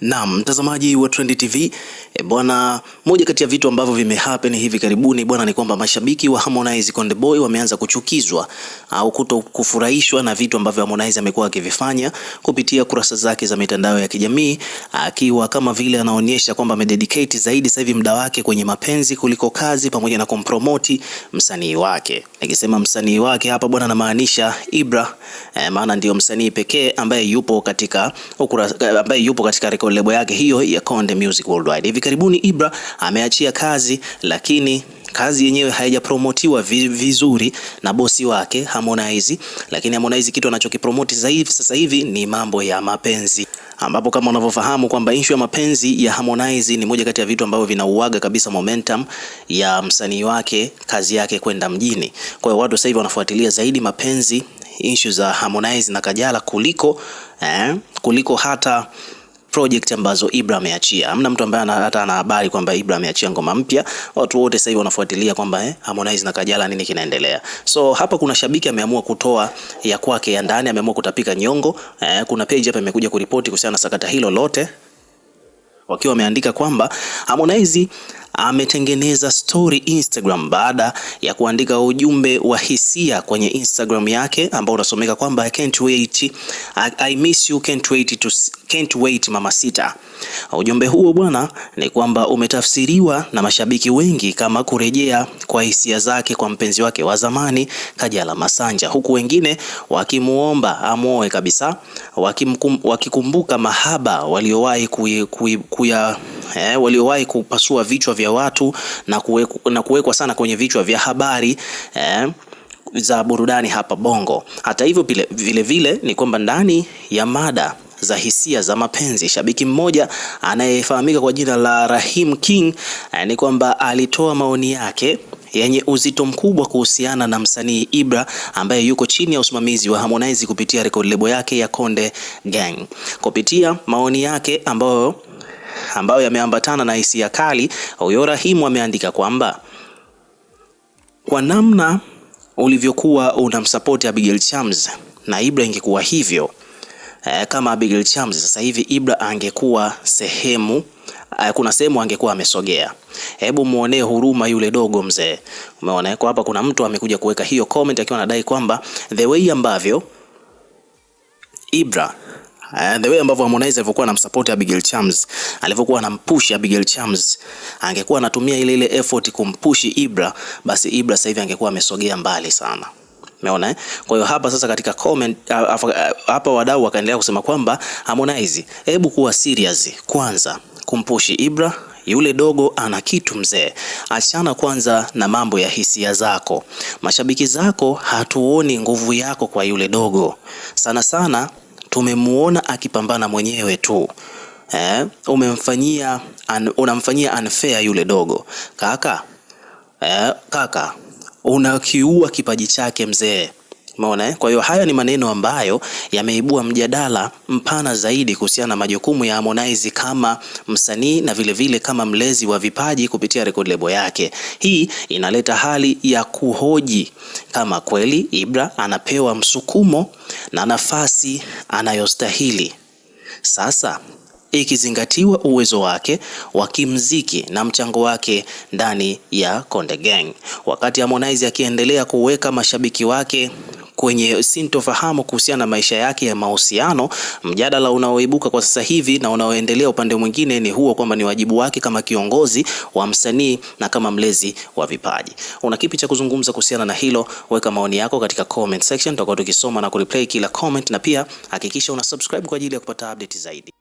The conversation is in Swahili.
Naam, mtazamaji wa Trend TV e, eh, bwana, moja kati ya vitu ambavyo vimehappen hivi karibuni bwana ni kwamba mashabiki wa Harmonize Konde Boy wameanza kuchukizwa au kuto kufurahishwa na vitu ambavyo Harmonize amekuwa akivifanya kupitia kurasa zake za mitandao ya kijamii, akiwa kama vile anaonyesha kwamba amededicate zaidi sasa hivi muda wake kwenye mapenzi kuliko kazi pamoja na kumpromoti msanii wake. Nikisema msanii wake hapa bwana, namaanisha Ibra e, maana ndiyo msanii pekee ambaye yupo katika ukura, eh, ambaye yupo katika kwa lebo yake hiyo ya Konde Music Worldwide. Hivi karibuni Ibra ameachia kazi, lakini kazi yenyewe haijapromotiwa vizuri na bosi wake Harmonize, lakini Harmonize kitu anachokipromoti zaidi sasa hivi ni mambo ya mapenzi ambapo kama unavyofahamu kwamba issue ya mapenzi ya Harmonize ni moja kati ya vitu ambavyo vinauaga kabisa momentum ya msanii wake kazi yake kwenda mjini. Kwa hiyo watu sasa hivi wanafuatilia zaidi mapenzi, issue za Harmonize na Kajala kuliko eh, kuliko hata project ambazo Ibra ameachia. Hamna mtu ambaye hata ana habari kwamba Ibra ameachia ngoma mpya. Watu wote sasa hivi wanafuatilia kwamba eh, Harmonize na Kajala nini kinaendelea. So hapa kuna shabiki ameamua kutoa ya kwake ya ndani, ameamua kutapika nyongo eh, kuna page hapa imekuja kuripoti kuhusiana na sakata hilo lote wakiwa wameandika kwamba Harmonize ametengeneza story Instagram baada ya kuandika ujumbe wa hisia kwenye Instagram yake ambao unasomeka kwamba I can't wait, I, I miss you, can't wait to, can't wait mama sita. Ujumbe huo bwana ni kwamba umetafsiriwa na mashabiki wengi kama kurejea kwa hisia zake kwa mpenzi wake wa zamani Kajala Masanja, huku wengine wakimuomba amuoe kabisa, wakikumbuka mahaba waliowahi kui, kui, kui kuya eh, waliowahi kupasua vichwa vya watu na kuwekwa na kuwekwa sana kwenye vichwa vya habari eh, za burudani hapa Bongo. Hata hivyo vile vile ni kwamba ndani ya mada za hisia za mapenzi, shabiki mmoja anayefahamika kwa jina la Rahim King eh, ni kwamba alitoa maoni yake yenye uzito mkubwa kuhusiana na msanii Ibra ambaye yuko chini ya usimamizi wa Harmonize kupitia rekodi yake ya Konde Gang. Kupitia maoni yake ambayo ambayo yameambatana na hisia kali, huyo Rahimu ameandika kwamba kwa namna ulivyokuwa unamsupport Abigail Chams na Ibra ingekuwa hivyo e, kama Abigail Chams sasa hivi Ibra angekuwa sehemu e, kuna sehemu angekuwa amesogea. Hebu muonee huruma yule dogo mzee. Umeona kwa hapa kuna mtu amekuja kuweka hiyo comment akiwa anadai kwamba the way ambavyo Ibra Uh, the way ambavyo Harmonize alivyokuwa anamsupport Abigail Chams, alivyokuwa anampush Abigail Chams, angekuwa anatumia ile ile effort kumpush Ibra, basi Ibra sasa hivi angekuwa amesogea mbali sana. Umeona eh? Kwa hiyo hapa sasa katika comment hapa wadau wakaendelea kusema kwamba Harmonize, hebu kuwa serious kwanza kumpushi Ibra, yule dogo ana kitu mzee. Achana kwanza na mambo ya hisia zako. Mashabiki zako hatuoni nguvu yako kwa yule dogo sana sana tumemuona akipambana mwenyewe tu eh, umemfanyia un, unamfanyia unfair yule dogo kaka eh, kaka unakiua kipaji chake mzee. Umeona eh? Kwa hiyo haya ni maneno ambayo yameibua mjadala mpana zaidi kuhusiana na majukumu ya Harmonize kama msanii na vile vile kama mlezi wa vipaji kupitia record label yake. Hii inaleta hali ya kuhoji kama kweli Ibra anapewa msukumo na nafasi anayostahili. Sasa ikizingatiwa uwezo wake wa kimziki na mchango wake ndani ya Konde Gang, wakati Harmonize akiendelea kuweka mashabiki wake kwenye sintofahamu kuhusiana na maisha yake ya mahusiano. Mjadala unaoibuka kwa sasa hivi na unaoendelea upande mwingine ni huo kwamba ni wajibu wake kama kiongozi wa msanii na kama mlezi wa vipaji. Una kipi cha kuzungumza kuhusiana na hilo? Weka maoni yako katika comment section, tutakuwa tukisoma na kureply kila comment, na pia hakikisha una subscribe kwa ajili ya kupata update zaidi.